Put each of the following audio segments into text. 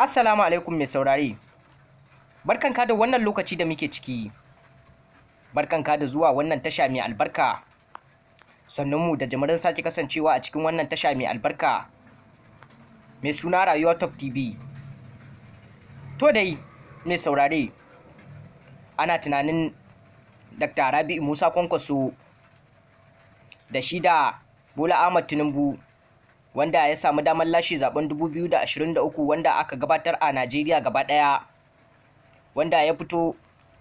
Assalamu alaikum mai saurari. Barkanka da wannan lokaci da muke ciki. Barkanka da zuwa wannan tasha mai albarka. Sannan mu da jimirin sake kasancewa a cikin wannan tasha mai albarka. Mai suna Rayuwa Top TV. To dai, mai saurare. Ana tunanin Dr. Rabi'u Musa Kwankwaso da shi da Bola Ahmad Tinubu wanda ya samu damar lashe zaben 2023 wanda aka gabatar a Najeriya gaba daya wanda ya fito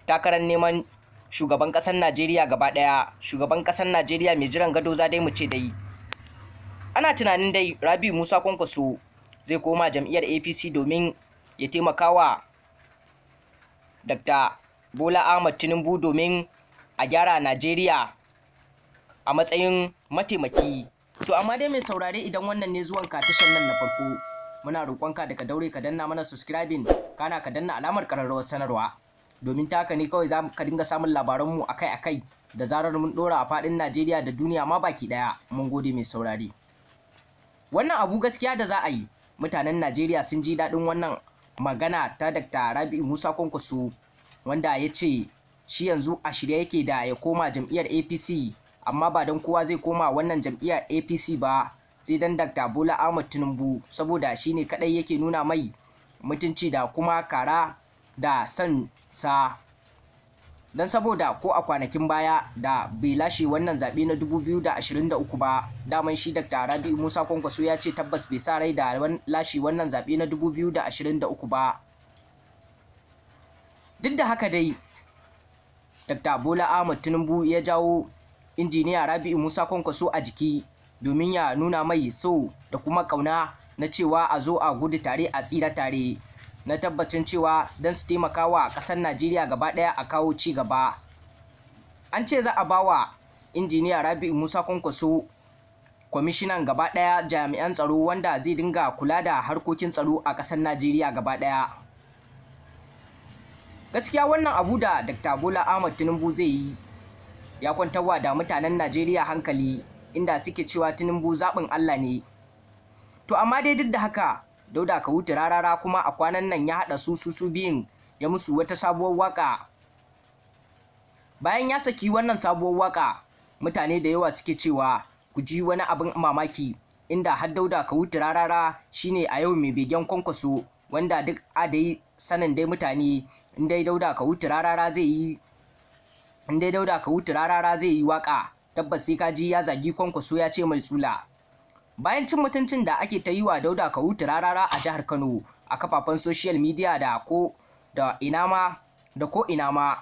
takarar neman shugaban kasar Najeriya gaba daya shugaban kasar Najeriya mai jiran gado za dai mu ce dai ana tunanin dai Rabi Musa Kwankwaso zai koma jam'iyyar APC domin ya taimaka wa Dr. Bola Ahmad Tinubu domin a gyara Najeriya a matsayin mataimaki To amma dai mai saurare idan wannan ne zuwan katishan nan na farko muna roƙonka daga daure ka danna mana subscribing kana ka danna alamar ƙararrawar sanarwa domin ta haka ne kawai za ka dinga samun labaranmu akai-akai da zarar mun ɗora a faɗin Najeriya da duniya ma baki ɗaya mun gode mai saurare. Wannan abu gaskiya da za a yi mutanen Najeriya sun ji daɗin wannan magana ta Dr. Rabi'u Musa Kwankwaso wanda ya ce shi yanzu a shirye yake da ya koma jam'iyyar APC amma ba don kowa zai koma wannan jam'iyyar apc ba sai don dr bola ahmad tinubu saboda shi ne kadai yake nuna mai mutunci da kuma kara da san sa don saboda ko a kwanakin baya da bai lashe wannan zaɓe na 2023 ba daman shi dr rabi musa kwankwaso ya ce tabbas bai sa rai da lashe wannan zaɓe na 2023 ba duk da haka dai dr bola ahmad tinubu ya jawo injiniya rabi'u musa kwankwaso a jiki domin ya nuna mai so da kuma kauna na cewa a zo a gudu tare a tsira tare na tabbacin cewa don su taimaka wa ƙasar najeriya gaba ɗaya a kawo ci gaba an ce za a ba wa injiniya rabi'u musa kwankwaso kwamishinan gaba ɗaya jami'an tsaro wanda zai dinga kula da harkokin tsaro a ƙasar najeriya gaba ɗaya gaskiya wannan abu da dr bola ahmad tinubu zai yi ya kwantar wa da mutanen Najeriya hankali inda suke cewa Tinubu zaɓin Allah ne. To amma dai duk da haka Dauda ka wuce rarara kuma a kwanan nan ya haɗa su su biyun ya musu wata sabuwar waƙa. Bayan ya saki wannan sabuwar waƙa mutane da yawa suke cewa ku ji wani abin mamaki inda har Dauda ka wuce rarara shine a yau mai begen kwankwaso wanda duk a dai sanin dai mutane in dai Dauda ka wuce rarara zai yi in dai dauda ka wuta rarara zai yi waka tabbas sai kaji ya zagi kwankwaso ya ce mai tsula bayan cin mutuncin da ake ta yi wa dauda ka wuta rarara a jihar kano a kafafen social media da ko da ina ma da ko ina ma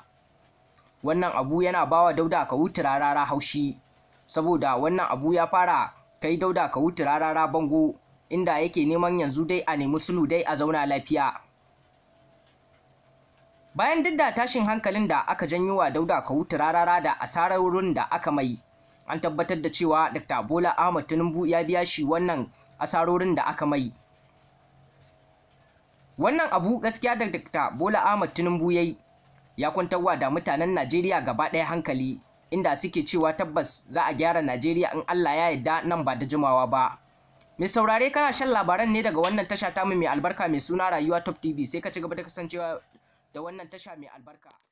wannan abu yana bawa dauda ka wuta rarara haushi saboda wannan abu ya fara kai dauda ka wuta rarara bango inda yake neman yanzu dai a nemi sulu dai a zauna lafiya bayan duk da tashin hankalin da aka janyo wa dauda ka wuta rarara da asarar wurin da aka mai an tabbatar da cewa dr bola ahmad tinubu ya biya shi wannan asarorin da aka mai wannan abu gaskiya da dr bola ahmad tinubu ya yi ya kwantarwa da mutanen najeriya gaba ɗaya hankali inda suke cewa tabbas za a gyara najeriya in allah ya yarda nan ba da jimawa ba mai saurare kana shan labaran ne daga wannan tasha ta mai albarka mai suna rayuwa top tv sai ka ci gaba da kasancewa da wannan tasha mai albarka.